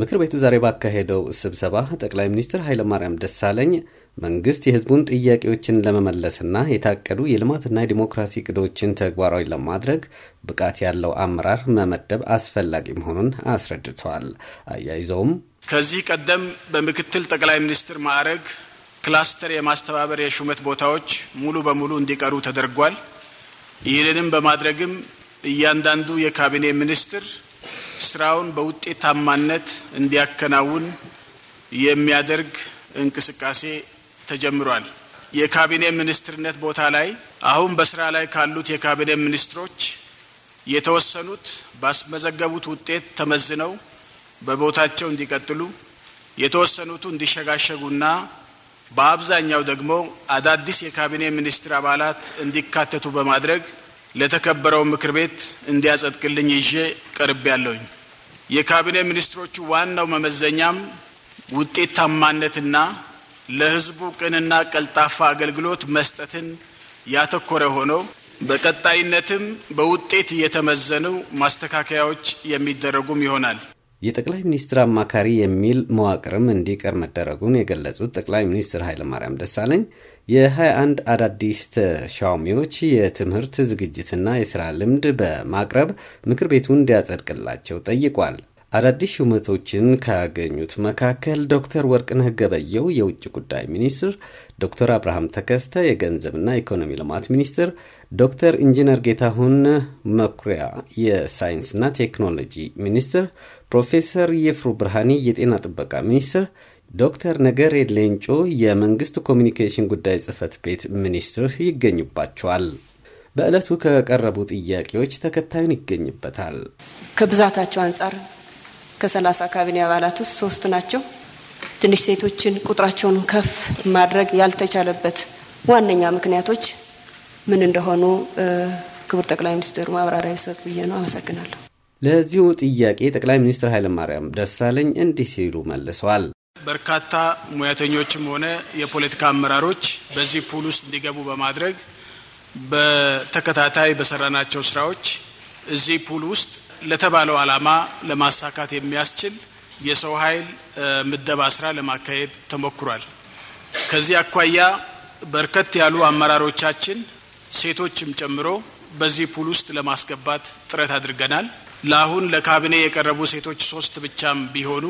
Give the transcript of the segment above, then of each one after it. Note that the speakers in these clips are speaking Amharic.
ምክር ቤቱ ዛሬ ባካሄደው ስብሰባ ጠቅላይ ሚኒስትር ኃይለማርያም ደሳለኝ መንግስት የህዝቡን ጥያቄዎችን ለመመለስና የታቀዱ የልማትና የዲሞክራሲ እቅዶችን ተግባራዊ ለማድረግ ብቃት ያለው አመራር መመደብ አስፈላጊ መሆኑን አስረድተዋል። አያይዘውም ከዚህ ቀደም በምክትል ጠቅላይ ሚኒስትር ማዕረግ ክላስተር የማስተባበር የሹመት ቦታዎች ሙሉ በሙሉ እንዲቀሩ ተደርጓል። ይህንንም በማድረግም እያንዳንዱ የካቢኔ ሚኒስትር ስራውን በውጤታማነት እንዲያከናውን የሚያደርግ እንቅስቃሴ ተጀምሯል። የካቢኔ ሚኒስትርነት ቦታ ላይ አሁን በስራ ላይ ካሉት የካቢኔ ሚኒስትሮች የተወሰኑት ባስመዘገቡት ውጤት ተመዝነው በቦታቸው እንዲቀጥሉ፣ የተወሰኑቱ እንዲሸጋሸጉና በአብዛኛው ደግሞ አዳዲስ የካቢኔ ሚኒስትር አባላት እንዲካተቱ በማድረግ ለተከበረው ምክር ቤት እንዲያጸድቅልኝ ይዤ ቀርቤ ያለውኝ። የካቢኔ ሚኒስትሮቹ ዋናው መመዘኛም ውጤታማነትና ለህዝቡ ቅንና ቀልጣፋ አገልግሎት መስጠትን ያተኮረ ሆኖ በቀጣይነትም በውጤት እየተመዘኑ ማስተካከያዎች የሚደረጉም ይሆናል። የጠቅላይ ሚኒስትር አማካሪ የሚል መዋቅርም እንዲቀር መደረጉን የገለጹት ጠቅላይ ሚኒስትር ኃይለማርያም ደሳለኝ የ21 አዳዲስ ተሿሚዎች የትምህርት ዝግጅትና የስራ ልምድ በማቅረብ ምክር ቤቱ እንዲያጸድቅላቸው ጠይቋል። አዳዲስ ሹመቶችን ካገኙት መካከል ዶክተር ወርቅነህ ገበየው የውጭ ጉዳይ ሚኒስትር፣ ዶክተር አብርሃም ተከስተ የገንዘብና ኢኮኖሚ ልማት ሚኒስትር፣ ዶክተር ኢንጂነር ጌታሁን መኩሪያ የሳይንስና ቴክኖሎጂ ሚኒስትር፣ ፕሮፌሰር ይፍሩ ብርሃኔ የጤና ጥበቃ ሚኒስትር፣ ዶክተር ነገሬ ሌንጮ የመንግስት ኮሚኒኬሽን ጉዳይ ጽህፈት ቤት ሚኒስትር ይገኙባቸዋል። በዕለቱ ከቀረቡ ጥያቄዎች ተከታዩን ይገኝበታል። ከብዛታቸው አንጻር ከሰላሳ ካቢኔ አባላት ውስጥ ሶስት ናቸው። ትንሽ ሴቶችን ቁጥራቸውን ከፍ ማድረግ ያልተቻለበት ዋነኛ ምክንያቶች ምን እንደሆኑ ክቡር ጠቅላይ ሚኒስትሩ ማብራሪያ ይሰጥ ብዬ ነው። አመሰግናለሁ። ለዚሁ ጥያቄ ጠቅላይ ሚኒስትር ኃይለማርያም ደሳለኝ እንዲህ ሲሉ መልሰዋል። በርካታ ሙያተኞችም ሆነ የፖለቲካ አመራሮች በዚህ ፑል ውስጥ እንዲገቡ በማድረግ በተከታታይ በሰራናቸው ስራዎች እዚህ ፑል ውስጥ ለተባለው ዓላማ ለማሳካት የሚያስችል የሰው ኃይል ምደባ ስራ ለማካሄድ ተሞክሯል። ከዚህ አኳያ በርከት ያሉ አመራሮቻችን ሴቶችም ጨምሮ በዚህ ፑል ውስጥ ለማስገባት ጥረት አድርገናል። ለአሁን ለካቢኔ የቀረቡ ሴቶች ሶስት ብቻም ቢሆኑ፣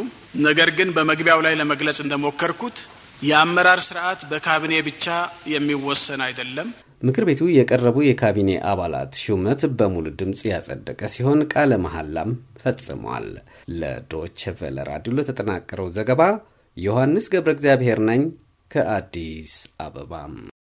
ነገር ግን በመግቢያው ላይ ለመግለጽ እንደሞከርኩት የአመራር ስርዓት በካቢኔ ብቻ የሚወሰን አይደለም። ምክር ቤቱ የቀረቡ የካቢኔ አባላት ሹመት በሙሉ ድምፅ ያጸደቀ ሲሆን ቃለ መሐላም ፈጽሟል። ለዶች ቬለ ራዲዮ ለተጠናቀረው ዘገባ ዮሐንስ ገብረ እግዚአብሔር ነኝ ከአዲስ አበባ